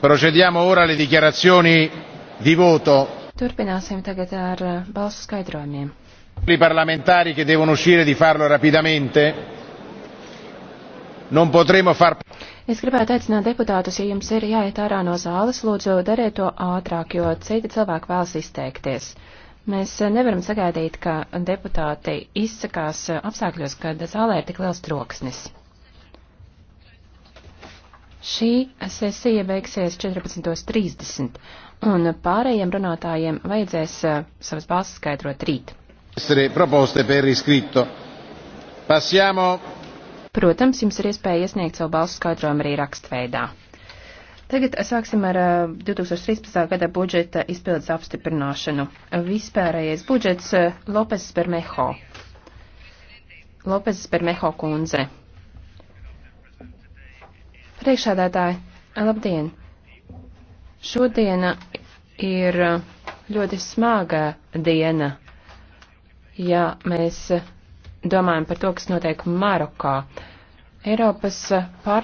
Procediamo ora alle dichiarazioni di voto. Turpināsim tagad ar eh, balsu skaidrojumiem. I parlamentari che devono uscire di farlo rapidamente. Non potremo far. Es gribētu aicināt deputātus, ja jums ir jāiet ārā no zāles, lūdzu dariet to ātrāk, jo citi cilvēki vēlas izteikties. Mēs eh, nevaram sagaidīt, ka deputāti izsakās eh, apstākļos, kad zālē ir tik liels troksnis. Šī sesija beigsies 14.30, un pārējiem runātājiem vajadzēs uh, savas balsis skaidrot rīt. Passiamo... Protams, jums ir iespēja iesniegt savu balsu skaidrojumu arī rakstveidā. Tagad sāksim ar uh, eh, 2013. gada budžeta izpildes apstiprināšanu. Vispārējais budžets uh, Lopes Bermeho. Lopes Bermeho kundze. Priekšādātāji, labdien! Šodiena ir ļoti smaga diena, ja mēs domājam par to, kas notiek Marokā. Eiropas parlaments.